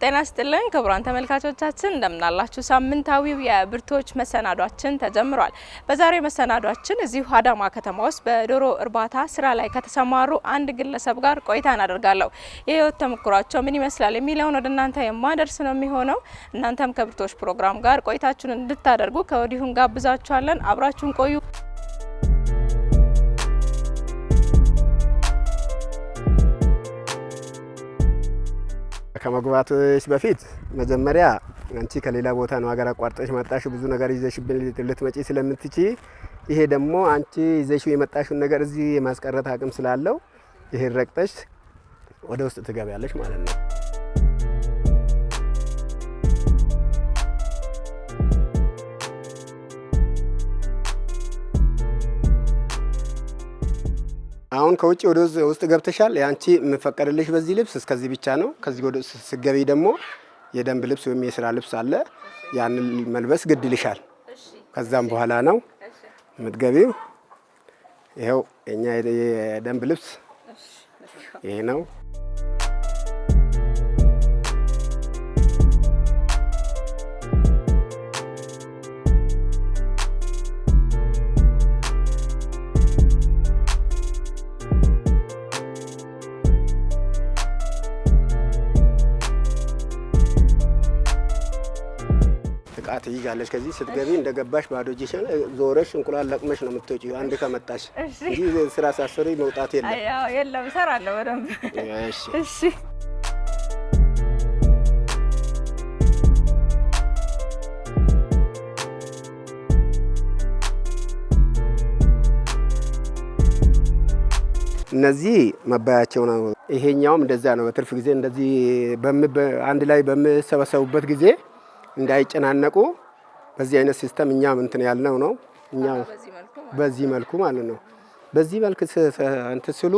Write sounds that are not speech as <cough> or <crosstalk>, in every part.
ሰላም ጤና ስጥልን ክቡራን ተመልካቾቻችን እንደምናላችሁ። ሳምንታዊው የብርቶች መሰናዷችን ተጀምሯል። በዛሬው መሰናዷችን እዚሁ አዳማ ከተማ ውስጥ በዶሮ እርባታ ስራ ላይ ከተሰማሩ አንድ ግለሰብ ጋር ቆይታ እናደርጋለሁ። የህይወት ተሞክሯቸው ምን ይመስላል የሚለውን ወደ እናንተ የማደርስ ነው የሚሆነው። እናንተም ከብርቶች ፕሮግራም ጋር ቆይታችሁን እንድታደርጉ ከወዲሁን ጋብዛችኋለን። አብራችሁን ቆዩ። ከመግባትሽ በፊት መጀመሪያ አንቺ ከሌላ ቦታ ነው ሀገር አቋርጠሽ መጣሽ። ብዙ ነገር ይዘሽብን ልትመጪ ስለምትቺ ይሄ ደግሞ አንቺ ይዘሽው የመጣሽውን ነገር እዚህ የማስቀረት አቅም ስላለው ይሄን ረግጠሽ ወደ ውስጥ ትገቢያለሽ ማለት ነው። አሁን ከውጭ ወደ ውስጥ ገብተሻል። የአንቺ የምፈቀድልሽ በዚህ ልብስ እስከዚህ ብቻ ነው። ከዚህ ወደ ስገቢ ደግሞ የደንብ ልብስ ወይም የስራ ልብስ አለ። ያንን መልበስ ግድልሻል። ከዛም በኋላ ነው የምትገቢው። ይኸው የኛ የደንብ ልብስ ይሄ ነው። ትይዛለች። ከዚህ ስትገቢ እንደገባሽ ባዶ እጅሽን ዞረሽ እንቁላል ለቅመሽ ነው የምትወጪው፣ አንድ ከመጣሽ እንጂ ስራ ሳሰሪ መውጣት የለም። የለም እሰራለሁ በደንብ። እሺ እነዚህ መባያቸው ነው። ይሄኛውም እንደዛ ነው። በትርፍ ጊዜ እንደዚህ አንድ ላይ በምሰበሰቡበት ጊዜ እንዳይጨናነቁ በዚህ አይነት ሲስተም እኛም እንትን ያልነው ነው። እኛ በዚህ መልኩ ማለት ነው። በዚህ መልክ እንትን ስሉ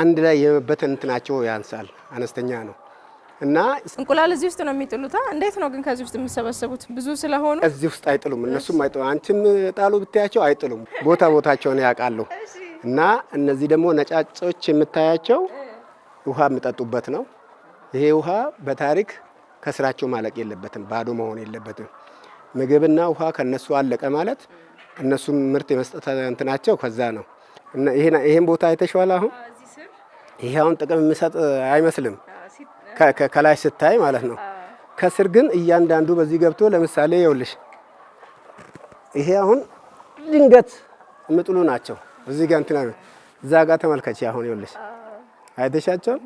አንድ ላይ የመበተን እንትናቸው ያንሳል፣ አነስተኛ ነው እና እንቁላል እዚህ ውስጥ ነው የሚጥሉታ። እንዴት ነው ግን ከዚህ ውስጥ የሚሰበሰቡት? ብዙ ስለሆኑ እዚህ ውስጥ አይጥሉም፣ እነሱም አይጥሉም። አንቺም ጣሉ ብታያቸው አይጥሉም። ቦታ ቦታቸውን ያውቃሉ። እና እነዚህ ደግሞ ነጫጮች የምታያቸው ውሃ የሚጠጡበት ነው። ይሄ ውሃ በታሪክ ከስራቸው ማለቅ የለበትም፣ ባዶ መሆን የለበትም። ምግብና ውሃ ከነሱ አለቀ ማለት እነሱም ምርት የመስጠት እንትናቸው ከዛ ነው። ይህን ቦታ የተሸዋል አሁን ይሄ አሁን ጥቅም የሚሰጥ አይመስልም ከላይ ስታይ ማለት ነው። ከስር ግን እያንዳንዱ በዚህ ገብቶ ለምሳሌ ይኸውልሽ፣ ይሄ አሁን ድንገት ምጥሉ ናቸው እዚህ ጋር እንትና እዛ ጋር ተመልከች። አሁን ይኸውልሽ አይተሻቸው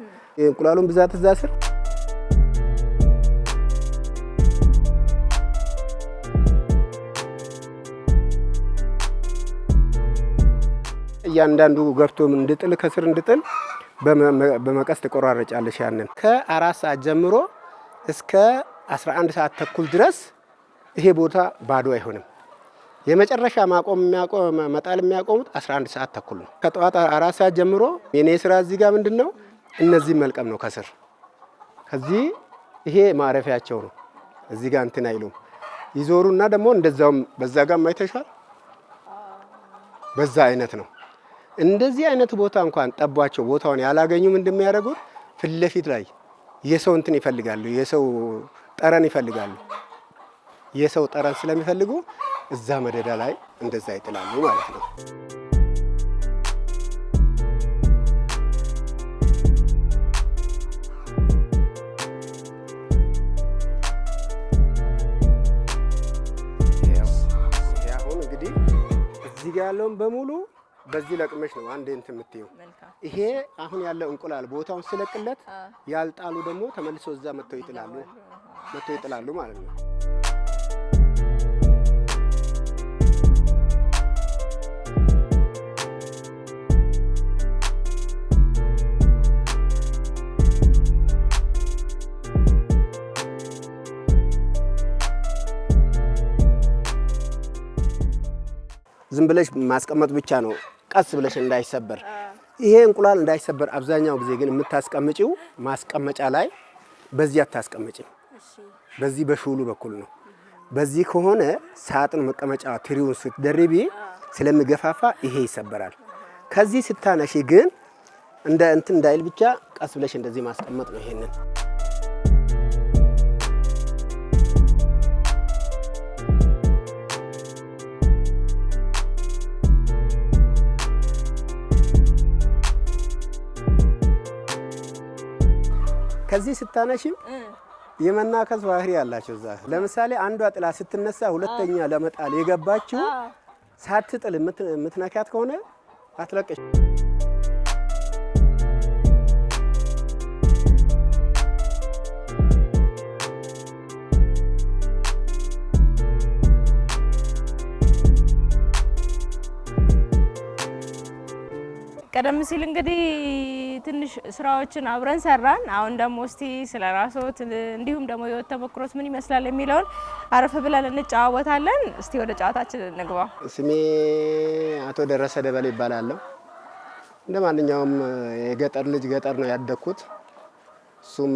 እንቁላሉን ብዛት እዛ ስር እያንዳንዱ ገፍቶም እንድጥል ከስር እንድጥል በመቀስ ትቆራረጫለሽ። ያንን ከአራት ሰዓት ጀምሮ እስከ 11 ሰዓት ተኩል ድረስ ይሄ ቦታ ባዶ አይሆንም። የመጨረሻ ማቆም መጣል የሚያቆሙት 11 ሰዓት ተኩል ነው። ከጠዋት አራት ሰዓት ጀምሮ የኔ ስራ እዚህ ጋር ምንድን ነው እነዚህ መልቀም ነው ከስር ከዚህ ይሄ ማረፊያቸው ነው። እዚህ ጋር እንትን አይሉም ይዞሩና ደግሞ እንደዛውም በዛ ጋር ማይተሻል በዛ አይነት ነው። እንደዚህ አይነት ቦታ እንኳን ጠቧቸው ቦታውን ያላገኙ እንደሚያደርጉት ፊት ለፊት ላይ የሰው እንትን ይፈልጋሉ፣ የሰው ጠረን ይፈልጋሉ። የሰው ጠረን ስለሚፈልጉ እዛ መደዳ ላይ እንደዛ ይጥላሉ ማለት ነው። እዚህ ጋ ያለውን በሙሉ በዚህ ለቅመሽ ነው አንድ እንትን የምትይው። ይሄ አሁን ያለው እንቁላል ቦታውን ስለቅለት ያልጣሉ ደግሞ ተመልሶ እዛ መተው ይጥላሉ መተው ይጥላሉ ማለት ነው። ዝም ብለሽ ማስቀመጥ ብቻ ነው ቀስ ብለሽ እንዳይሰበር። ይሄ እንቁላል እንዳይሰበር አብዛኛው ጊዜ ግን የምታስቀምጪው ማስቀመጫ ላይ በዚህ አታስቀምጪም። በዚህ በሹሉ በኩል ነው። በዚህ ከሆነ ሳጥን መቀመጫ ትሪውን ስትደርቢ ስለሚገፋፋ ይሄ ይሰበራል። ከዚህ ስታነሺ ግን እንደ እንትን እንዳይል ብቻ ቀስ ብለሽ እንደዚህ ማስቀመጥ ነው ይሄንን ከዚህ ስታነሽም የመናከስ ባህሪ ያላቸው እዛ ለምሳሌ አንዷ ጥላ ስትነሳ ሁለተኛ ለመጣል የገባችው ሳትጥል የምትነካት ከሆነ አትለቀሽ። ቀደም ሲል እንግዲህ ትንሽ ስራዎችን አብረን ሰራን። አሁን ደግሞ እስቲ ስለ ራስዎት እንዲሁም ደግሞ የወት ተሞክሮት ምን ይመስላል የሚለውን አረፍ ብለን እንጨዋወታለን። እስቲ ወደ ጨዋታችን እንግባ። ስሜ አቶ ደረሰ ደበል ይባላለሁ። እንደ ማንኛውም የገጠር ልጅ ገጠር ነው ያደግኩት። እሱም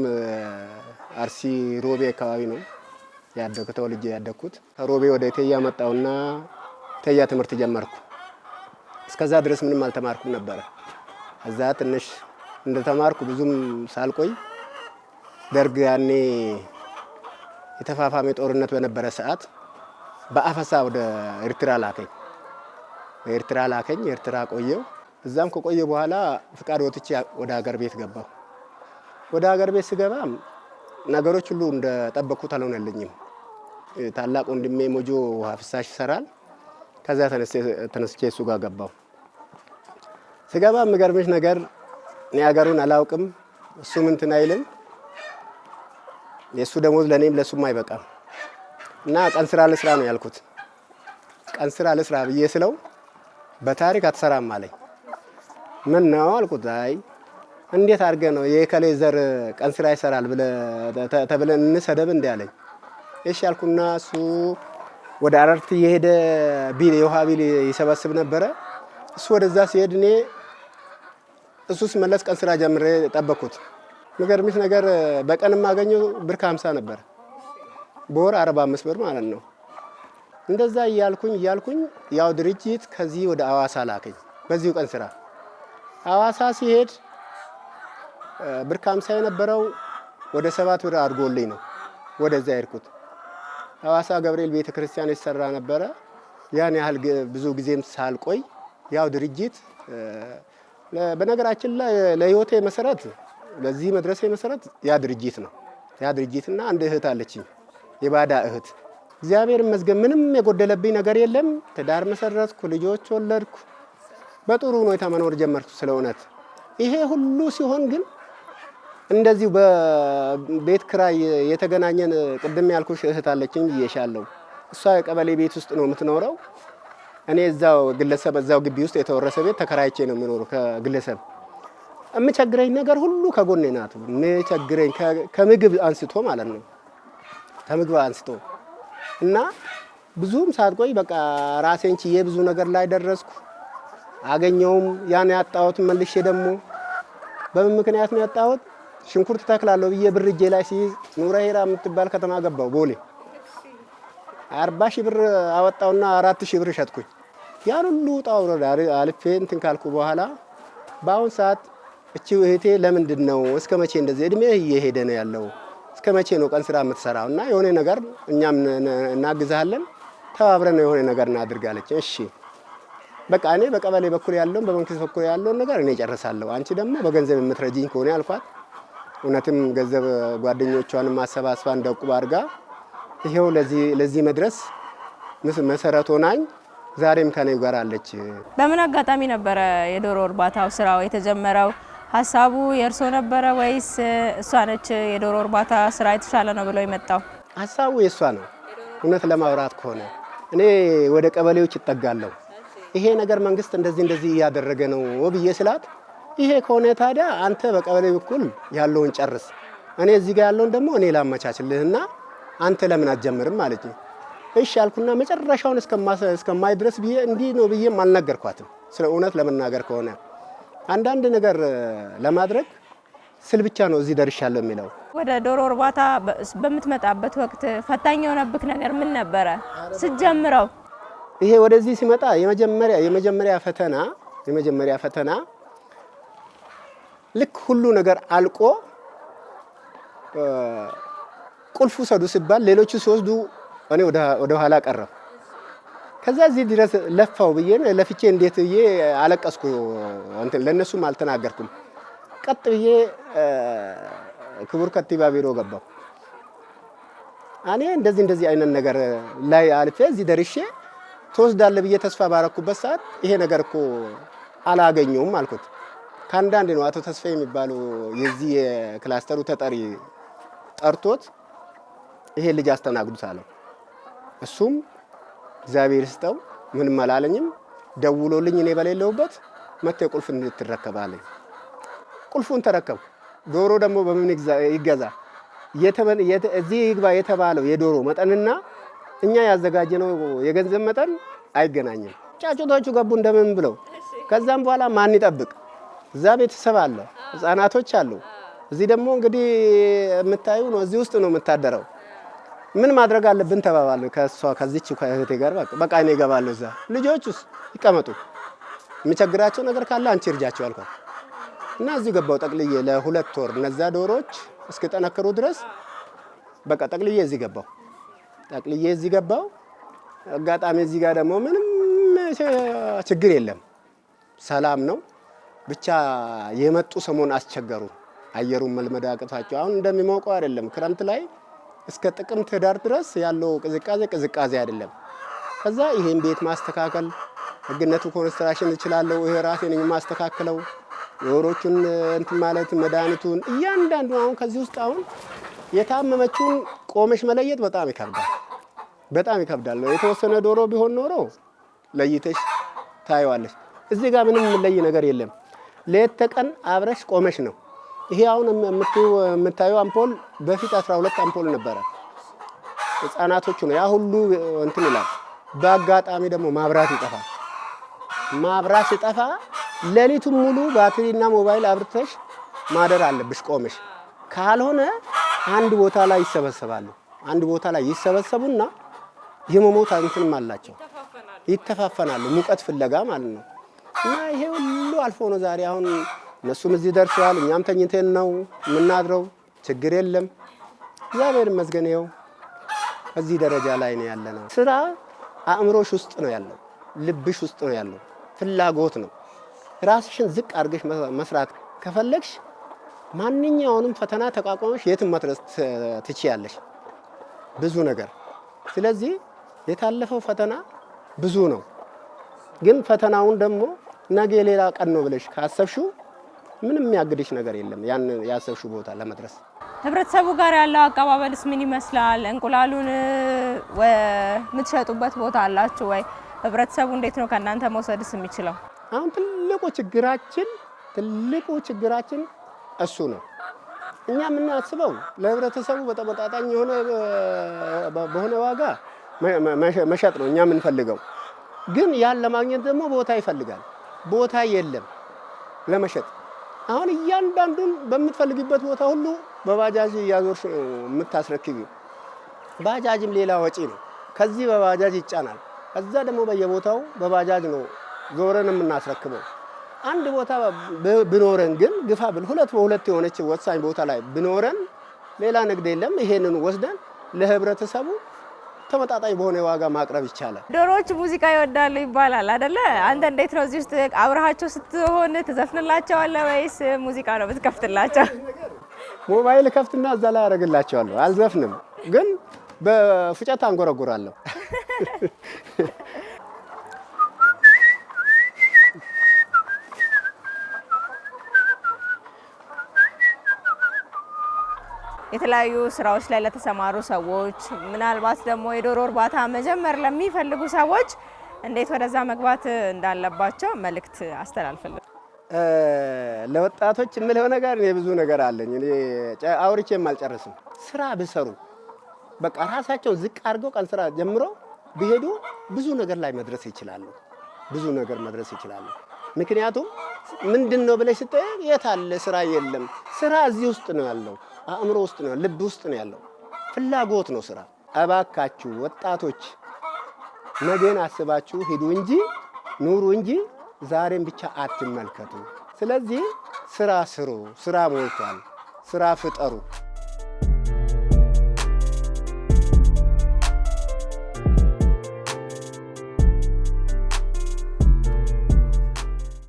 አርሲ ሮቤ አካባቢ ነው ያደግኩት፣ ተወልጄ ያደግኩት። ከሮቤ ወደ ቴያ መጣሁና ቴያ ትምህርት ጀመርኩ። እስከዛ ድረስ ምንም አልተማርኩም ነበረ። እዛ ትንሽ እንደተማርኩ ብዙም ሳልቆይ ደርግ ያኔ የተፋፋሜ ጦርነት በነበረ ሰዓት በአፈሳ ወደ ኤርትራ ላከኝ። ኤርትራ ላከኝ። ኤርትራ ቆየው። እዛም ከቆየ በኋላ ፍቃድ ወጥቼ ወደ ሀገር ቤት ገባሁ። ወደ ሀገር ቤት ስገባም ነገሮች ሁሉ እንደጠበቅኩት አልሆነልኝም። ታላቅ ወንድሜ ሞጆ ውሃ ፍሳሽ ይሰራል። ከዛ ተነስቼ እሱ ጋር ገባሁ። ስገባ የምገርምሽ ነገር እኔ ሀገሩን አላውቅም፣ እሱም እንትን አይልም። የእሱ ደሞዝ ለእኔም ለእሱም አይበቃም እና ቀን ስራ ልስራ ነው ያልኩት። ቀን ስራ ልስራ ብዬ ስለው በታሪክ አትሰራም አለኝ። ምን ነው አልኩት። አይ እንዴት አድርገ ነው የከሌ ዘር ቀን ስራ ይሰራል ተብለን እንሰደብ እንዲ አለኝ። እሺ አልኩና እሱ ወደ አረርቲ የሄደ ቢል የውሃ ቢል ይሰበስብ ነበረ። እሱ ወደዛ ሲሄድ እኔ እሱ መለስ ቀን ስራ ጀምሬ ጠበኩት። የሚገርምሽ ነገር በቀን የማገኘው ብር ከሀምሳ ነበር፣ በወር አርባ አምስት ብር ማለት ነው። እንደዛ እያልኩኝ እያልኩኝ ያው ድርጅት ከዚህ ወደ አዋሳ ላከኝ በዚሁ ቀን ስራ። አዋሳ ሲሄድ ብር ከሀምሳ የነበረው ወደ ሰባት ብር አድጎልኝ ነው ወደዛ ሄድኩት። አዋሳ ገብርኤል ቤተ ክርስቲያን የተሰራ ነበረ። ያን ያህል ብዙ ጊዜም ሳልቆይ ያው ድርጅት በነገራችን ላይ ለህይወቴ መሰረት ለዚህ መድረሴ መሰረት ያ ድርጅት ነው። ያ ድርጅትና አንድ እህት አለችኝ የባዳ እህት። እግዚአብሔር ይመስገን ምንም የጎደለብኝ ነገር የለም። ትዳር መሰረትኩ፣ ልጆች ወለድኩ፣ በጥሩ ሁኔታ መኖር ጀመርኩ። ስለ እውነት ይሄ ሁሉ ሲሆን ግን እንደዚሁ በቤት ክራይ የተገናኘን ቅድም ያልኩሽ እህት አለችኝ ብዬሻለሁ። እሷ የቀበሌ ቤት ውስጥ ነው የምትኖረው። እኔ እዛው ግለሰብ እዛው ግቢ ውስጥ የተወረሰ ቤት ተከራይቼ ነው የምኖሩ። ከግለሰብ የምቸግረኝ ነገር ሁሉ ከጎኔ ናት። የምቸግረኝ ከምግብ አንስቶ ማለት ነው ከምግብ አንስቶ እና ብዙም ሳትቆይ በቃ ራሴን ችዬ ብዙ ነገር ላይ ደረስኩ። አገኘውም ያን ያጣሁት መልሼ ደግሞ በምን ምክንያት ነው ያጣሁት? ሽንኩርት ተክላለሁ ብዬ ብር እጄ ላይ ሲይዝ ኑረሄራ የምትባል ከተማ ገባው ቦሌ አርባ ሺህ ብር አወጣውና አራት ሺህ ብር ሸጥኩኝ። ያን ሁሉ ውጣ ውረድ አልፌ እንትን ካልኩ በኋላ በአሁን ሰዓት እቺ እህቴ ለምንድን ነው እስከ መቼ እንደዚህ እድሜ እየሄደ ነው ያለው እስከ መቼ ነው ቀን ስራ የምትሰራው? እና የሆነ ነገር እኛም እናግዛለን ተባብረን የሆነ ነገር እናድርጋለች። እሺ በቃ እኔ በቀበሌ በኩል ያለውን በመንግስት በኩል ያለውን ነገር እኔ ጨርሳለሁ፣ አንቺ ደግሞ በገንዘብ የምትረጂኝ ከሆነ አልኳት። እውነትም ገንዘብ ጓደኞቿንም አሰባስባ እንደቁብ አድርጋ ይሄው ለዚህ መድረስ መሰረት ሆናኝ ዛሬም ከኔ ጋር አለች። በምን አጋጣሚ ነበረ የዶሮ እርባታው ስራው የተጀመረው? ሀሳቡ የእርሶ ነበረ ወይስ እሷ ነች? የዶሮ እርባታ ስራ የተሻለ ነው ብለው የመጣው ሀሳቡ የእሷ ነው። እውነት ለማውራት ከሆነ እኔ ወደ ቀበሌዎች ይጠጋለሁ። ይሄ ነገር መንግስት እንደዚህ እንደዚህ እያደረገ ነው ብዬ ስላት፣ ይሄ ከሆነ ታዲያ አንተ በቀበሌ በኩል ያለውን ጨርስ፣ እኔ እዚህ ጋር ያለውን ደግሞ እኔ ላመቻችልህና አንተ ለምን አትጀምርም ማለት ነው። እሺ አልኩና መጨረሻውን እስከማይ ድረስ ብዬ እንዲህ ነው ብዬም አልነገርኳትም። ስለ እውነት ለመናገር ከሆነ አንዳንድ ነገር ለማድረግ ስል ብቻ ነው እዚህ ደርሻለሁ የሚለው። ወደ ዶሮ እርባታ በምትመጣበት ወቅት ፈታኝ የሆነብህ ነገር ምን ነበረ ስትጀምረው? ይሄ ወደዚህ ሲመጣ የመጀመሪያ የመጀመሪያ ፈተና የመጀመሪያ ፈተና ልክ ሁሉ ነገር አልቆ ቁልፍ ውሰዱ ሲባል ሌሎቹ ሲወስዱ እኔ ወደ ኋላ ቀረሁ። ከዛ እዚህ ድረስ ለፋው ብዬ ለፍቼ እንዴት ብዬ አለቀስኩ። ለእነሱም አልተናገርኩም። ቀጥ ብዬ ክቡር ከንቲባ ቢሮ ገባሁ። እኔ እንደዚህ እንደዚህ አይነት ነገር ላይ አልፌ እዚህ ደርሼ ትወስዳለ ብዬ ተስፋ ባረኩበት ሰዓት ይሄ ነገር እኮ አላገኘውም አልኩት። ከአንዳንድ ነው አቶ ተስፋ የሚባሉ የዚህ የክላስተሩ ተጠሪ ጠርቶት ይሄ ልጅ አስተናግዱት አለው። እሱም እግዚአብሔር ይስጠው ምንም አላለኝም። ደውሎልኝ እኔ በሌለውበት መጥቶ ቁልፍ እንድትረከባለኝ ቁልፉን ተረከቡ። ዶሮ ደግሞ በምን ይገዛ? እዚህ ይግባ የተባለው የዶሮ መጠንና እኛ ያዘጋጀነው የገንዘብ መጠን አይገናኝም። ጫጩቶቹ ገቡ እንደምን ብለው። ከዛም በኋላ ማን ይጠብቅ? እዛ ቤተሰብ አለ፣ ህፃናቶች አሉ። እዚህ ደግሞ እንግዲህ የምታዩ ነው። እዚህ ውስጥ ነው የምታደረው። ምን ማድረግ አለብን ተባባለ። ከእሷ ከዚች እህቴ ጋር በቃ እኔ እገባለሁ እዛ ልጆች ውስጥ ይቀመጡ የሚቸግራቸው ነገር ካለ አንቺ እርጃቸው አልኳት እና እዚሁ ገባው ጠቅልዬ ለሁለት ወር እነዛ ዶሮች እስኪጠነክሩ ድረስ በቃ ጠቅልዬ እዚህ ገባው ጠቅልዬ እዚህ ገባው። አጋጣሚ እዚህ ጋር ደግሞ ምንም ችግር የለም፣ ሰላም ነው። ብቻ የመጡ ሰሞን አስቸገሩ። አየሩን መልመድ አቅቷቸው አሁን እንደሚሞቀው አይደለም ክረምት ላይ እስከ ጥቅምት ህዳር ድረስ ያለው ቅዝቃዜ ቅዝቃዜ አይደለም። ከዛ ይሄን ቤት ማስተካከል ህግነቱ ኮንስትራክሽን እችላለሁ። ይሄ ራሴ ነኝ ማስተካከለው። የወሮቹን እንትን ማለት መድኃኒቱን እያንዳንዱ አሁን ከዚህ ውስጥ አሁን የታመመችውን ቆመሽ መለየት በጣም ይከብዳል፣ በጣም ይከብዳል። የተወሰነ ዶሮ ቢሆን ኖሮ ለይተሽ ታየዋለሽ። እዚህ ጋር ምንም የምንለይ ነገር የለም። ሌት ተቀን አብረሽ ቆመሽ ነው ይሄ አሁን የምታዩ አምፖል በፊት 12 አምፖል ነበረ። ህጻናቶቹ ነው ያ ሁሉ እንትን ይላል። በአጋጣሚ ደግሞ ማብራት ይጠፋል። ማብራት ሲጠፋ ሌሊቱን ሙሉ ባትሪና ሞባይል አብርተሽ ማደር አለብሽ ቆመሽ። ካልሆነ አንድ ቦታ ላይ ይሰበሰባሉ። አንድ ቦታ ላይ ይሰበሰቡና የመሞት እንትንም አላቸው፣ ይተፋፈናሉ። ሙቀት ፍለጋ ማለት ነው። እና ይሄ ሁሉ አልፎ ነው ዛሬ አሁን እነሱም እዚህ ደርሰዋል። እኛም ተኝተን ነው የምናድረው። ችግር የለም። እግዚአብሔር ይመስገን። ይኸው እዚህ ደረጃ ላይ ነው ያለ ነው። ስራ አእምሮሽ ውስጥ ነው ያለው፣ ልብሽ ውስጥ ነው ያለው፣ ፍላጎት ነው። ራስሽን ዝቅ አድርገሽ መስራት ከፈለግሽ ማንኛውንም ፈተና ተቋቋመሽ የትም መድረስ ትችያለሽ። ብዙ ነገር ስለዚህ የታለፈው ፈተና ብዙ ነው። ግን ፈተናውን ደግሞ ነገ ሌላ ቀን ነው ብለሽ ካሰብሽው ምንም የሚያግድሽ ነገር የለም ያን ያሰብሽው ቦታ ለመድረስ። ህብረተሰቡ ጋር ያለው አቀባበልስ ምን ይመስላል? እንቁላሉን የምትሸጡበት ቦታ አላችሁ ወይ? ህብረተሰቡ እንዴት ነው ከእናንተ መውሰድስ የሚችለው? አሁን ትልቁ ችግራችን ትልቁ ችግራችን እሱ ነው። እኛ የምናስበው ለህብረተሰቡ በተመጣጣኝ የሆነ በሆነ ዋጋ መሸጥ ነው እኛ የምንፈልገው። ግን ያን ለማግኘት ደግሞ ቦታ ይፈልጋል። ቦታ የለም ለመሸጥ አሁን እያንዳንዱን በምትፈልግበት ቦታ ሁሉ በባጃጅ እያዞርሽ የምታስረክቢው። ባጃጅም ሌላ ወጪ ነው። ከዚህ በባጃጅ ይጫናል፣ ከዛ ደግሞ በየቦታው በባጃጅ ነው ዞረን የምናስረክበው። አንድ ቦታ ብኖረን ግን ግፋ ብል ሁለት በሁለት የሆነች ወሳኝ ቦታ ላይ ብኖረን ሌላ ንግድ የለም። ይሄንን ወስደን ለህብረተሰቡ ተመጣጣኝ በሆነ ዋጋ ማቅረብ ይቻላል። ዶሮዎች ሙዚቃ ይወዳሉ ይባላል አይደለ? አንተ እንዴት ነው እዚህ ውስጥ አብረሃቸው ስትሆን ትዘፍንላቸዋለህ ወይስ ሙዚቃ ነው ብትከፍትላቸው? ሞባይል ከፍትና እዛ ላይ ያደርግላቸዋለሁ። አልዘፍንም ግን በፉጨት አንጎረጉራለሁ። <laughs> የተለያዩ ስራዎች ላይ ለተሰማሩ ሰዎች ምናልባት ደግሞ የዶሮ እርባታ መጀመር ለሚፈልጉ ሰዎች እንዴት ወደዛ መግባት እንዳለባቸው መልእክት አስተላልፈልግ። ለወጣቶች የምለው ነገር እኔ ብዙ ነገር አለኝ እኔ አውርቼ የማልጨርስም። ስራ ብሰሩ በቃ ራሳቸውን ዝቅ አድርገው ቀን ስራ ጀምሮ ቢሄዱ ብዙ ነገር ላይ መድረስ ይችላሉ። ብዙ ነገር መድረስ ይችላሉ። ምክንያቱም ምንድን ነው ብለሽ ስጠ የት አለ ስራ? የለም። ስራ እዚህ ውስጥ ነው ያለው። አእምሮ ውስጥ ነው፣ ልብ ውስጥ ነው ያለው። ፍላጎት ነው ስራ። እባካችሁ ወጣቶች ነገን አስባችሁ ሂዱ እንጂ ኑሩ እንጂ ዛሬን ብቻ አትመልከቱ። ስለዚህ ስራ ስሩ። ስራ ሞልቷል። ስራ ፍጠሩ።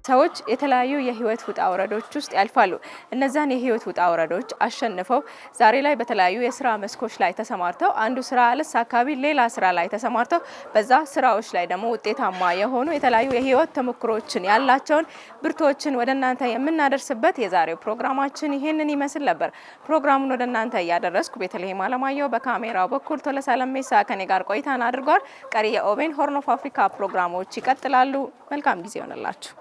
ሰዎች የተለያዩ የህይወት ውጣ ውረዶች ውስጥ ያልፋሉ። እነዚያን የህይወት ውጣ ውረዶች አሸንፈው ዛሬ ላይ በተለያዩ የስራ መስኮች ላይ ተሰማርተው አንዱ ስራ አካባቢ ሌላ ስራ ላይ ተሰማርተው በዛ ስራዎች ላይ ደግሞ ውጤታማ የሆኑ የተለያዩ የህይወት ተሞክሮችን ያላቸውን ብርቶችን ወደ እናንተ የምናደርስበት የዛሬው ፕሮግራማችን ይህንን ይመስል ነበር። ፕሮግራሙን ወደ እናንተ እያደረስኩ ቤተልሔም አለማየሁ በካሜራው በኩል ቶለሳለሜሳ ከኔ ጋር ቆይታን አድርጓል። ቀሪ የኦቤን ሆርን ኦፍ አፍሪካ ፕሮግራሞች ይቀጥላሉ። መልካም ጊዜ ይሆንላችሁ።